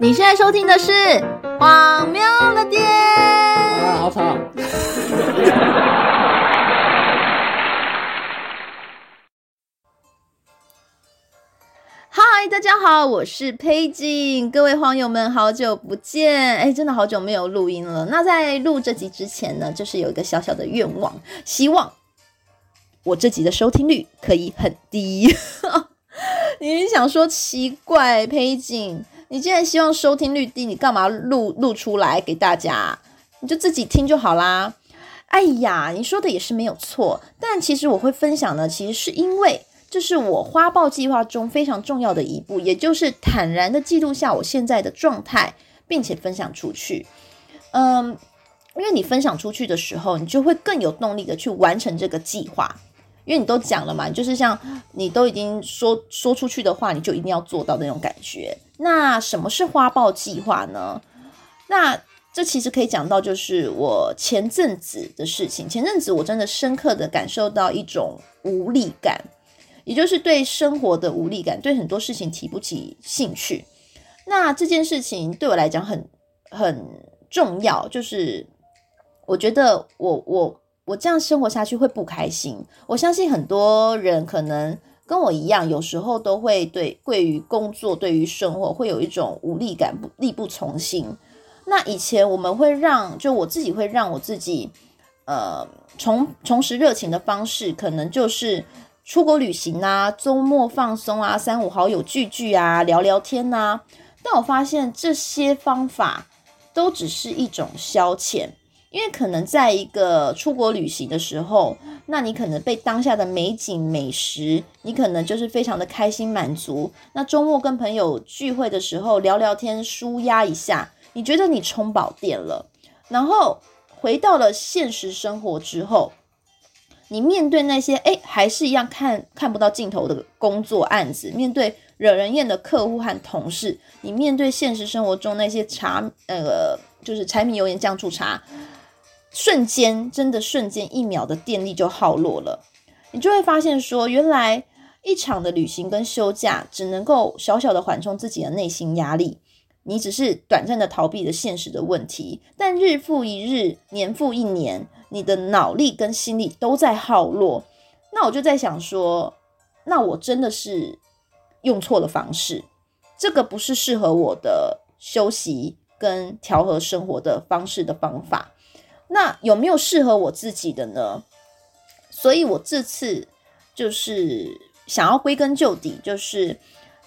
你現在收聽的是《荒謬的店》。啊，好吵！嗨， 大家好，我是佩金。各位黃友們，好久不見！哎、欸，真的好久沒有錄音了。那在錄這集之前呢，就是有一個小小的願望，希望我這集的收聽率可以很低。 你想說奇怪，佩金。你既然希望收聽率低，你幹嘛錄錄出來給大家？你就自己聽就好啦。哎呀，你說的也是沒有錯，但其實我會分享呢，其實是因為這是我花豹計劃中非常重要的一步，也就是坦然的記錄下我現在的狀態，並且分享出去。嗯，因為你分享出去的時候，你就會更有動力的去完成這個計劃。因為你都講了嘛，就是像你都已經說說出去的話，你就一定要做到那種感覺。那什麼是花豹計劃呢？那這其實可以講到，就是我前陣子的事情。前陣子我真的深刻的感受到一種無力感，也就是對生活的無力感，對很多事情提不起興趣。那這件事情對我來講很很重要，就是我覺得我我。我這樣生活下去會不開心。我相信很多人可能跟我一樣，有時候都會對，對於工作，對於生活，會有一種無力感，力不從心。那以前我們會讓，就我自己會讓我自己，呃，重重拾熱情的方式，可能就是出國旅行啊，周末放鬆啊，三五好友聚聚啊，聊聊天啊。但我發現這些方法都只是一種消遣。因為可能在一個出國旅行的時候，那你可能被當下的美景美食，你可能就是非常的開心滿足。那周末跟朋友聚會的時候聊聊天，舒壓一下，你覺得你充飽電了。然後回到了現實生活之後，你面對那些哎還是一樣看看不到盡頭的工作案子，面對惹人厭的客戶和同事，你面對現實生活中那些茶，那個，呃、就是柴米油鹽醬醋茶。瞬間，真的瞬間，一秒的電力就耗落了。你就會發現說，原來一場的旅行跟休假只能夠小小的緩衝自己的內心壓力，你只是短暫的逃避着現實的問題。但日復一日，年復一年，你的腦力跟心力都在耗落。那我就在想說，那我真的是用錯了方式，這個不是適合我的休息跟調和生活的方式的方法。那有沒有適合我自己的呢？所以我這次就是想要歸根究底，就是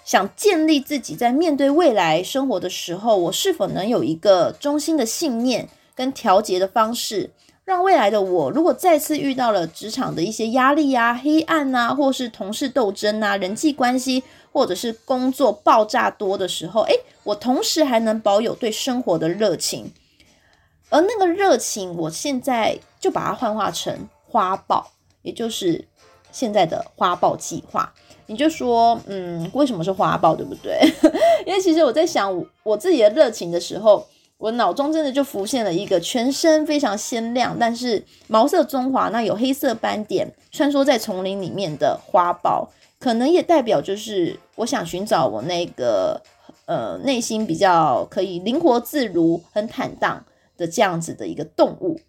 想建立自己在面對未來生活的時候，我是否能有一個中心的信念跟調節的方式，讓未來的我如果再次遇到了職場的一些壓力啊、黑暗啊，或是同事鬥爭啊、人際關係，或者是工作爆炸多的時候，誒，我同時還能保有對生活的熱情。而那個熱情，我現在就把它幻化成花豹，也就是現在的花豹計劃。你就說，嗯，為什麼是花豹，對不對？ 因為其實我在想我自己的熱情的時候，我腦中真的就浮現了一個全身非常鮮亮，但是毛色棕黃，那有黑色斑點穿梭在叢林裡面的花豹。可能也代表就是我想尋找我那個呃內心比較可以靈活自如、很坦蕩。的這樣子的一個動物，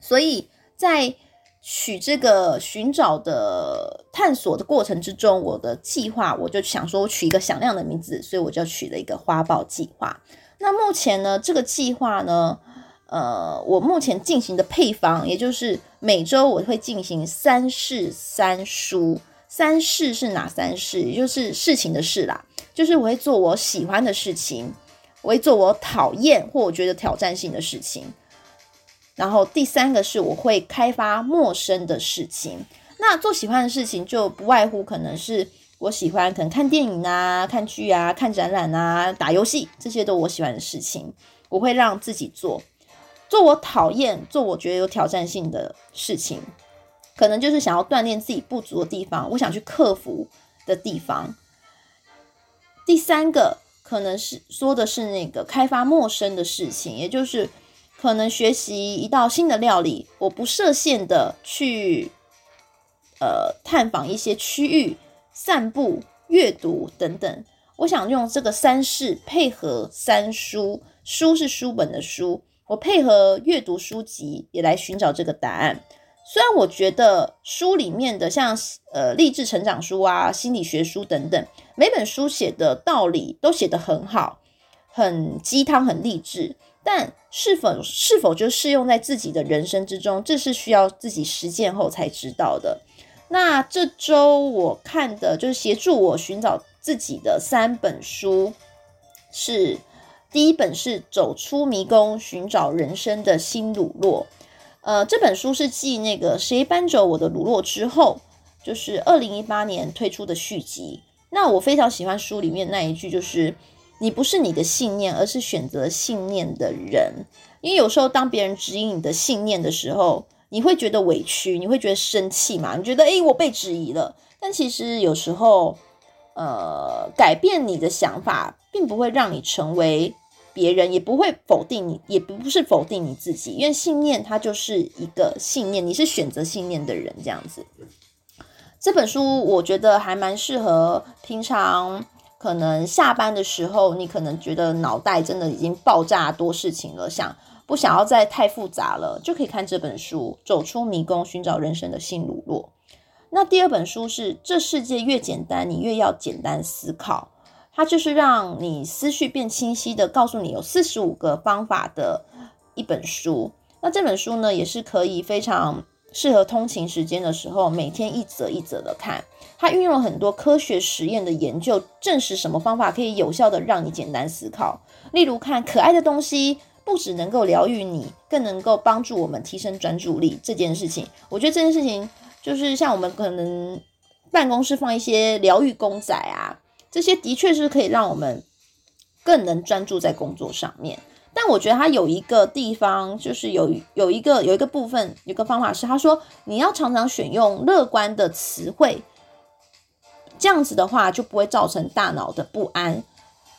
所以在取這個尋找的探索的過程之中，我的計劃我就想說，我取一個響亮的名字，所以我就取了一個“花豹計劃”。那目前呢，這個計劃呢，呃，我目前進行的配方，也就是每周我會進行三事三書，三事是哪三事？也就是事情的事啦，就是我會做我喜歡的事情。我會做我討厭或我覺得挑戰性的事情。然後第三個是我會開發陌生的事情。那做喜歡的事情就不外乎可能是我喜歡，可能看電影啊、看劇啊、看展覽啊、打遊戲，這些都我喜歡的事情，我會讓自己做。做我討厭、做我覺得有挑戰性的事情，可能就是想要鍛鍊自己不足的地方，我想去克服的地方。第三個。可能是說的是那個開發陌生的事情，也就是可能學習一道新的料理。我不設限的去，呃，探訪一些區域、散步、閱讀等等。我想用這個三式配合三書，書是書本的書，我配合閱讀書籍也來尋找這個答案。雖然我覺得書裡面的像呃勵志成長書啊、心理學書等等。每本書寫的道理都寫得很好，很雞湯，很勵志，但是否是否就適用在自己的人生之中，這是需要自己實踐後才知道的。那這周我看的就是協助我尋找自己的三本書，是第一本是《走出迷宮：尋找人生的新乳酪》。呃，這本書是繼那個《誰搬走我的乳酪》之後，就是二零一八年推出的續集。那我非常喜歡書裡面那一句，就是你不是你的信念，而是選擇信念的人。因為有時候當別人質疑你的信念的時候，你會覺得委屈，你會覺得生氣嘛？你覺得誒、欸，我被質疑了。但其實有時候，呃，改變你的想法，並不會讓你成為別人，也不會否定你，也不是否定你自己。因為信念它就是一個信念，你是選擇信念的人，這樣子。這本書我覺得還蠻適合平常可能下班的時候，你可能覺得腦袋真的已經爆炸多事情了，想不想要再太複雜了，就可以看這本書《走出迷宮，尋找人生的新路》。那第二本書是《這世界越簡單，你越要簡單思考》，它就是讓你思緒變清晰的，告訴你有四十五個方法的一本書。那這本書呢，也是可以非常。適合通勤時間的時候，每天一則一則的看。他運用了很多科學實驗的研究，證實什麼方法可以有效的讓你簡單思考。例如看可愛的東西，不只能夠療癒你，更能夠幫助我們提升專注力。這件事情，我覺得這件事情就是像我們可能辦公室放一些療癒公仔啊，這些的確是可以讓我們更能專注在工作上面。我覺得他有一個地方，就是有有一個有一個部分，有一個方法是，他說你要常常選用樂觀的詞彙，這樣子的話就不會造成大腦的不安。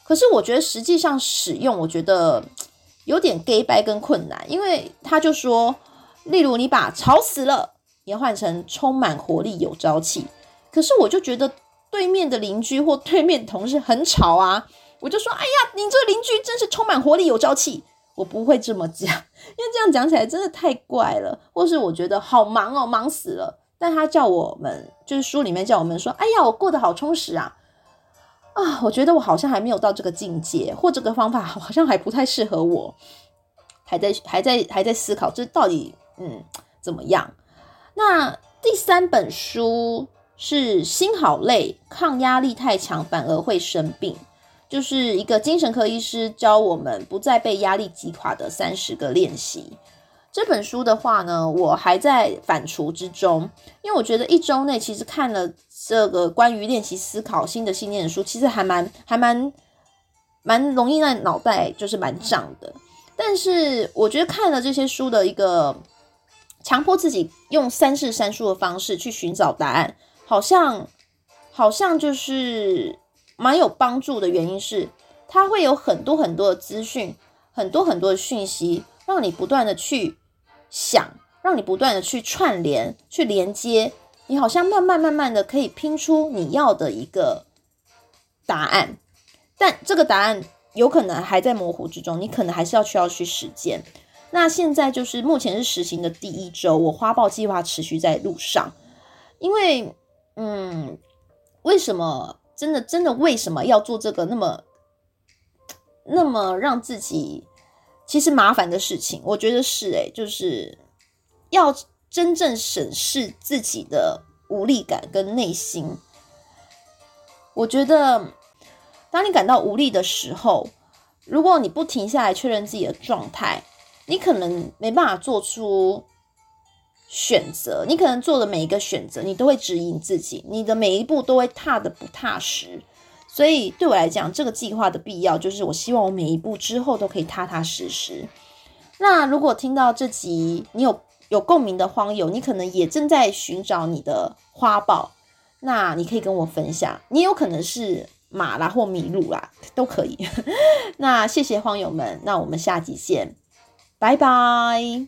可是我覺得實際上使用，我覺得有點假掰跟困難，因為他就說，例如你把吵死了也換成充滿活力有朝氣，可是我就覺得對面的鄰居或對面同事很吵啊。我就說：“哎呀，你這鄰居真是充滿活力、有朝氣。”我不會這麼講，因為這樣講起來真的太怪了。或是我覺得好忙哦，忙死了。但他叫我們，就是書裡面叫我們說：“哎呀，我過得好充實啊！”啊，我覺得我好像還沒有到這個境界，或這個方法好像還不太適合我，還在還在還在思考這到底嗯怎麼樣。那第三本書是《心好累》，抗壓力太強反而會生病。就是一個精神科醫師教我們不再被壓力擊垮的三十個練習。這本書的話呢，我還在反芻之中，因為我覺得一週內其實看了這個關於練習思考新的信念書，其實還蠻還蠻蠻容易讓腦袋就是蠻脹的。但是我覺得看了這些書的一個強迫自己用三世三書的方式去尋找答案，好像好像就是。蠻有幫助的原因是，它會有很多很多的資訊，很多很多的訊息，讓你不斷的去想，讓你不斷的去串聯、去連接，你好像慢慢慢慢的可以拼出你要的一個答案，但這個答案有可能還在模糊之中，你可能還是要需要去實踐。那現在就是目前是實行的第一周，我花豹計劃持續在路上，因為，嗯，為什麼？真的，真的，為什麼要做這個那麼那麼讓自己其實麻煩的事情？我覺得是，欸，誒就是要真正審視自己的無力感跟內心。我覺得，當你感到無力的時候，如果你不停下來確認自己的狀態，你可能沒辦法做出選擇，你可能做的每一個選擇，你都會指引自己，你的每一步都會踏得不踏實。所以對我來講，這個計劃的必要就是，我希望我每一步之後都可以踏踏實實。那如果聽到這集，你有有共鳴的荒友，你可能也正在尋找你的花豹，那你可以跟我分享。你有可能是馬啦，或麋鹿啦，都可以。 那謝謝荒友們，那我們下集見，拜拜。